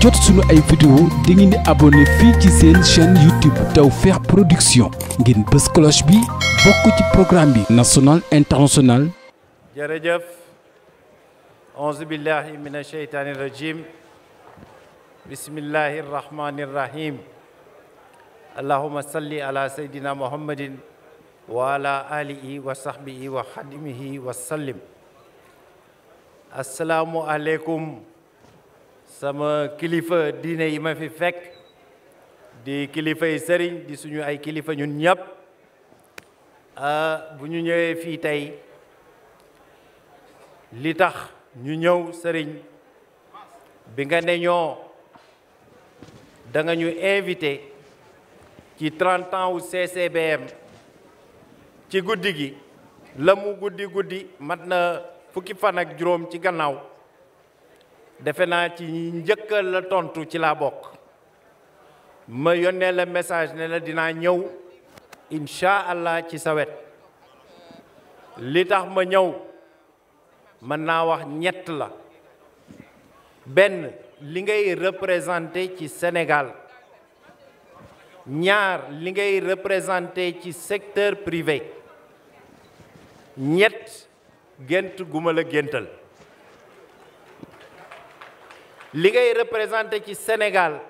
jot suñu ay vidéo da ngeen di fii ci seen chaîne YouTube Tawfekh Production ngeen bës cloche bi bokk ci programme bi national international jërëjëf auzu billahi mina sheytaani rajim bismillahi rahmani rahim allahuma salli ala seydina muhammadin wa ala alihi wa sahbihi wa xadimihi wa sallim asalaamu aleykum sama kilifa diine yi ma fi fekk di kilifay sëriñ di suñu ay kilifa ñun ñëpp ah, bu ñu ñëwee fii tey li tax ñu ñëw sëriñ bi nga ne ñoo danga ñu invité ci 30 ans wu CCBM ci guddi gi la mu guddi guddi mat na fukki fan ak juróom ci gannaaw defe naa ci njëkkal la tontu ci la bokk ma yónnee la message ne la dinaa ñëw incha allah ci sawet li tax ma ñëw mën naa wax ñett la benn li ngay représenté ci Sénégal ñaar li ngay représenté ci secteur privé ñett gént gu ma la géntal li ngay représenté ci Sénégal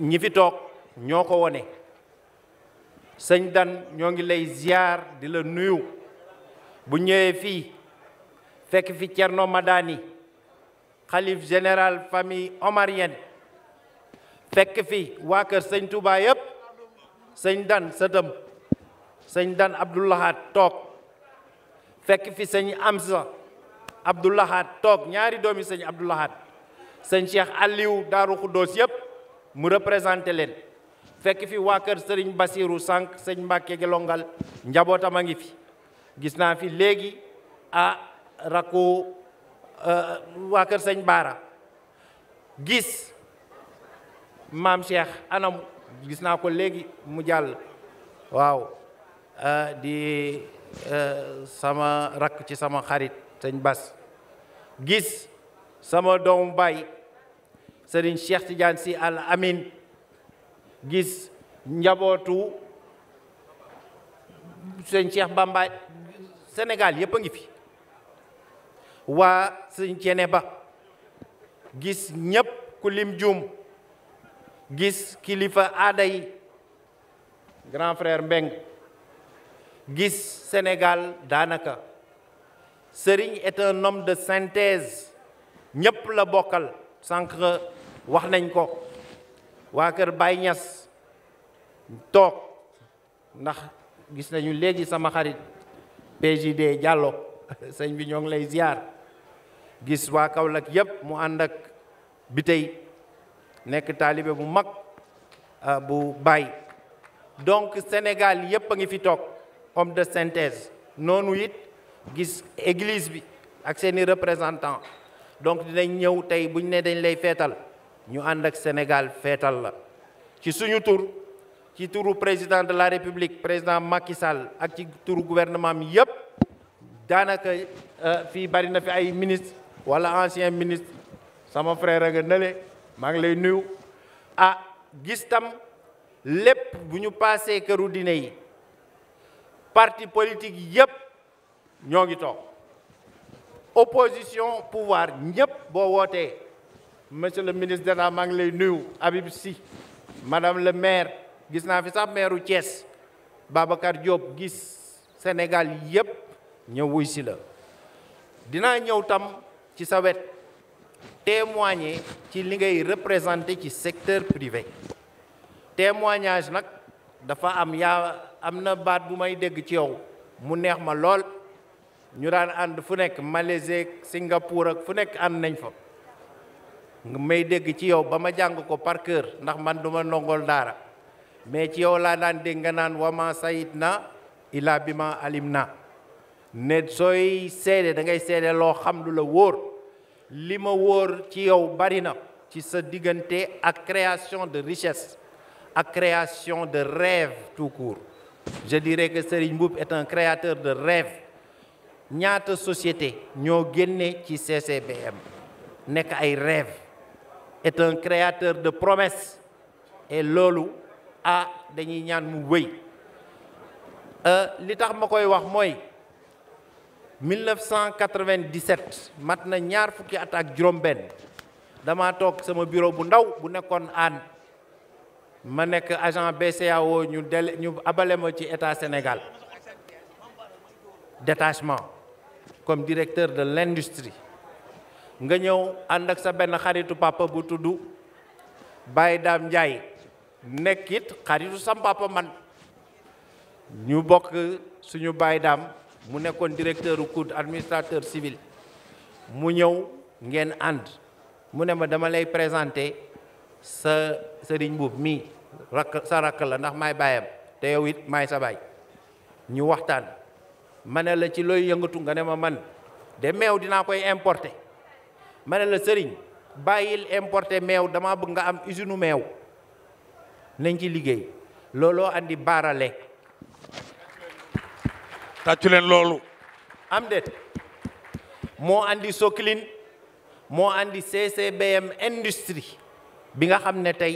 ñi fi toog ñoo ko wone sëñ Dan ñoo ngi lay ziar di la nuyu bu ñëwee fii fekk fi Thierno Madani xalif général famille omarien fekk fi waa kër sëñ Touba yëpp sëñ Dan sëtam sëñ Dan Abdoulahat toog fekk fi sëñ Amsa Abdoulahat toog ñaari doomi sëñ Abdoulahat sëñ Cheikh Aliou Daaru Xuddoos yëpp mu représenté leen fekk fi waa kër sëriñ Basiiru sànq sëñ Mbàkke Gelongal njabootam a ngi fi gis naa fi léegi ah rakku euh, waa kër sëñ Baara gis maam Cheikh anam gis naa ko léegi mu jàll waaw euh, di euh, sama rakk ci sama xarit sëñ Bas gis sama doomu baay Serigne Cheikh Tidiane Sy Al Amin gis njabootu Serigne Cheikh Bamba Sénégal yëpp a ngi fi waa Serigne Thiéné Ba gis ñépp ku lim jum gis kilifa aada yi grand frère Mbeng gis Sénégal daanaka Serigne est un homme de synthèse ñëpp la bokkal sànq wax nañ ko waa kër Baye ñas toog ndax gis nañu léegi sama xarit PJD Diallo sëñ bi ñoo ngi lay ziar gis waa kaw Kaolack yëpp mu ànd ak bi tey nekk taalibe bu mag ah, bu Baye donc Sénégal yëpp a ngi fi toog homme de synthèse noonu it. gis église bi ak seeni représentant donc dinañ ñëw tey buñ ne dañ lay feetal ñu ànd ak Sénégal feetal la ci suñu tur ci turu président de la république président Macky Sall ak ci turu gouvernement mi yëpp daanaka euh, fii bari na fi ay ministre wala ancien ministre sama frère a nga nële maa ngi lay nuyu ah gis tam lépp bu ñu paasee këru dine yi parti politique yëpp ñoo ngi toog opposition pouvoir ñëpp boo wootee monsieur le ministre d'État maa ngi lay nuyu Habib Sy madame le maire gis naa fi sax maireu cees Babacar Diop gis Sénégal yëpp ñëw wuy si la dinaa ñëw tam ci sa wet témoigner ci li ngay représenter ci secteur privé témoignage nag dafa am yaa am na baat bu may dégg ci yow mu neex ma lool ñu daan ànd fu nekk Malaisie Singapour ak fu nekk ànd nañ fa may dégg ci yow ba ma jàng ko par cœur ndax man duma ma ndongol daara mais ci yow laa daan dégg nga naan wama sayit na ila bi ma alim na ne sooy seedee da ngay seede loo xam du la wóor li ma wóor ci yow bari na ci sa diggante ak création de richesse ak création de rêve tout court je dirais que Serigne Mboup est un créateur de rêve ñaata société ñoo génne ci CCBM nekk ay rêve est un créateur de promesses et loolu ah dañuy ñaan mu wéy euh, li tax ma koy wax mooy 1997 mat na ñaar fukki at ak juróom-benn dama toog sama bureau bu ndaw bu nekkoon aan ma nekk agent BCEAO ñu del ñu abale ma ci état Sénégal détachement comme directeur de l'industrie nga ñëw ànd ak sa benn xaritu papa bu tudd Baye Dame Ndiaye nekkit xaritu sam papa man ñu bokk suñu baay daam mu nekkoon directeur COUD administrateur civil mu ñëw ngeen ànd mu ne ma dama lay présenter sa sëriñ buub mii rakk sa rakk la ndax may baayam te yow it may sa baay ñu waxtaan ma ne la ci looy yëngatu nga ne ma man de meew dinaa koy importer ma ne la sëriñ bàyyil importer meew dama bëgg nga am usine meew nañ ci liggéey looloo andi baarale tàccu leen loolu am det moo andi Soclin moo andi CCBM industrie bi nga xam ne tey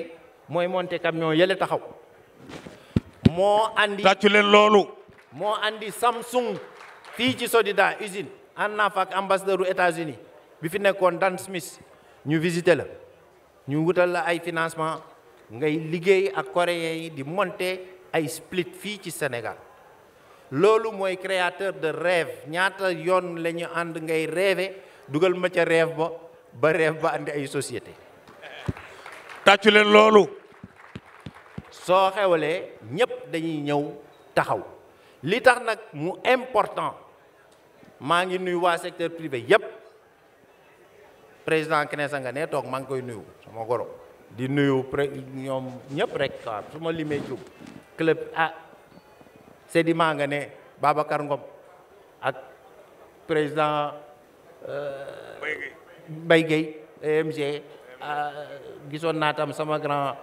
mooy monter camion yële taxaw moo andi tàccu leen loolu moo andi Samsung fii ci Sodida usine ànd naa fa ak ambassadeur u États-Unis bi fi nekkoon Dan Smith ñu visité la ñu wutal la ay financement ngay liggéey ak coréens yi di monter ay split fii ci Sénégal loolu mooy créateur de rêve ñaata yoon lañu ànd ngay reewe dugal ma ca rêve ba ba rêve ba àndi ay société tàccu leen loolu soo xewalee ñépp dañuy ñëw taxaw li tax nag mu important maa ngi nuyu waa secteur privé yépp président Knessa nga ne toog maa ngi koy nuyu sama goro di nuyu pré ñoom ñëpp rek su ma limee jub club ah Sedima nga ne Babacar Ngom ak président euh, Mbaye Gueye EMG euh, gisoon naa sama grand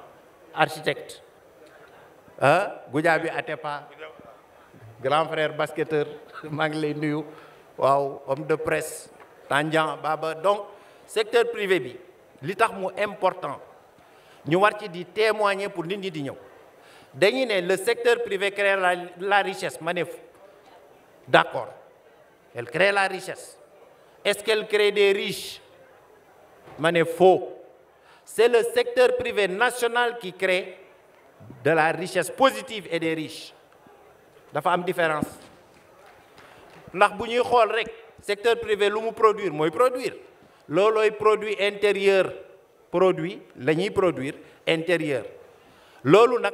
architecte ah Goudiaby Atepa grand frère basketteur maa ngi lay nuyu waaw homme de presse Tandian Baba donc secteur privé bi li tax mu important ñu war ci di témoigner pour nit ñi di ñëw dañuy ne le secteur privé crée la la richesse ma ne d'accord elle crée la richesse est-ce qu'elle crée des riches ma ne faux c'est le secteur privé national qui crée de la richesse positive et des riches dafa am différence ndax bu ñuy xool rek secteur privé lu mu produire mooy produire loolooy produit intérieur produit la ñuy produire intérieur loolu nag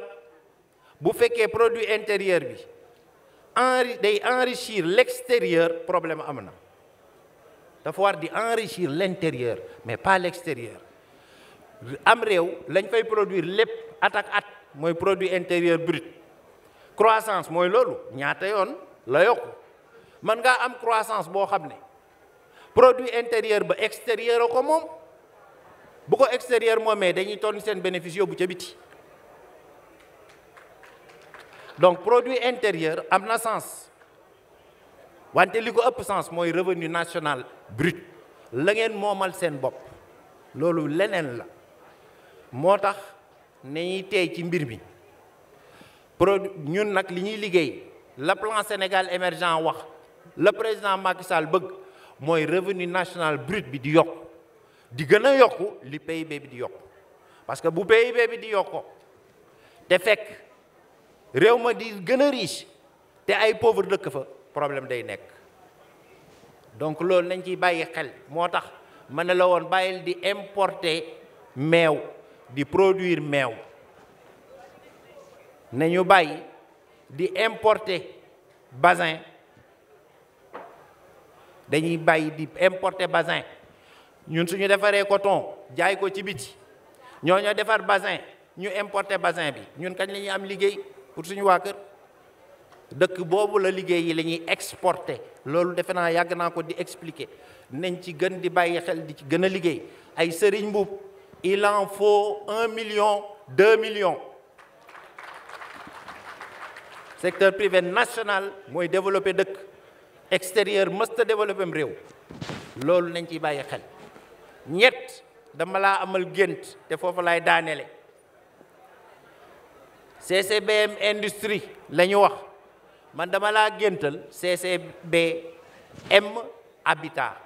bu fekkee produit intérieur bi enri day enrichir l'extérieur problème am na dafa war di enrichir l'intérieur mais pas l'extérieur am réew lañ fay produire lépp at ak at mooy produit intérieur brut croissance mooy loolu ñaata yoon la yokku mën ngaa am croissance boo xam ne produit intérieur ba extérieur a ko moom bu ko extérieur moomee dañuy ton seen bénéfice yóbbu ca biti donc produit intérieur am na sens wante li ko ëpp sens mooy revenu national brut la ngeen moomal seen bopp loolu leneen la moo tax nañuy tey ci mbir mi produit ñun nag li ñuy liggéey la plan Sénégal émergent wax la président Macky Sall bëgg mooy revenu national brut bi di yokk di gën a yokku li PIB bi di yokk parce que bu PIB bi di yokko te fekk réew ma di gën a riche te ay pauvre dëkk fa problème day nekk donc loolu nañ ci bàyyi xel moo tax ma ne la woon bàyyil di importer meew di produire meew ne ñu bàyyi di importer basin dañuy bàyyi di importer basin ñun suñu defaree coton jaay ko ci biti ñoo ñoo defar basin ñu importer basin bi ñun kañ lañuy am liggéey pour suñu waa kër dëkk boobu la liggéey yi la ñuy loolu defe naa yàgg naa ko di expliquer nañ ci gën di bàyyi xel di ci gën a liggéey ay sëriñ mbuub il en faut un million deux million secteur privé national mooy développé dëkk extérieur mësta développé am réew loolu nañ ciy bàyyi xel ñett dama laa amal gént te foofu laay daanele CCBM industrie la ñu wax man dama laa géntal CCBM habitat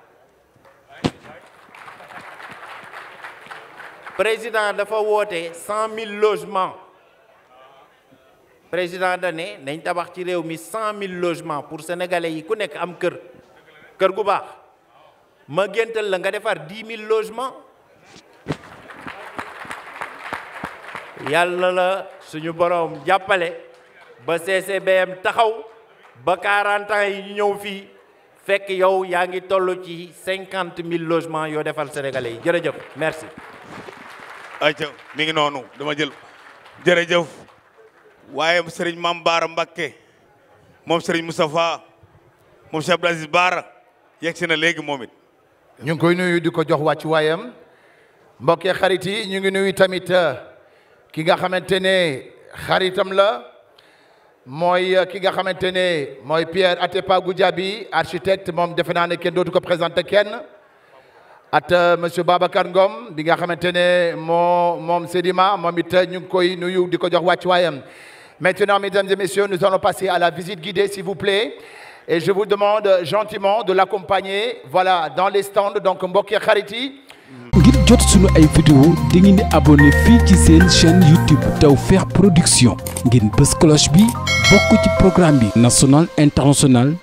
président dafa woote cent mille logements président da nañ tabax ci réew mi cent mille logements pour sénégalais yi ku nekk am kër kër gu baax ma géntal la nga defar dix mille logements yàlla la suñu boroom jàppale ba CCBM taxaw ba quarante yi ñu ñëw fii fekk yow yaa ngi toll ci cinquante mille logements yoo defal sénégalais yi jërëjëf merci. ayca mi ngi noonu dama jël jërëjëf. waaye sëriñ Maam Baara Mbakke moom sëriñ Moustapha moom Cheikh Baara yegg si na léegi moom it. ñu ngi koy nuyu di ko jox wàcc waayam mbokkee xarit yi ñu ngi nuyu tamit euh, ki nga xamante ne xaritam la mooy euh, ki nga xamante ne mooy Pierre Atepa Goudiaby architecte moom defe naa ne kenn dootu ko présenté kenn. at euh, monsieur Babacar Ngom bi nga xamante ne moo moom Sedima moom it ñu ngi koy nuyu di ko jox wàcc waayam Maintenant, mesdames et messieurs, nous allons passer à la visite guidée, s'il vous plaît. Et je vous demande gentiment de l'accompagner, voilà, dans les donc mbokk yi xarit yi. ngir jot sunu ay vidéo di ngeen di abonné fii ci seen chaîne YouTube Tawfekh Production ngeen bës cloche bi bokk ci programme bi national international.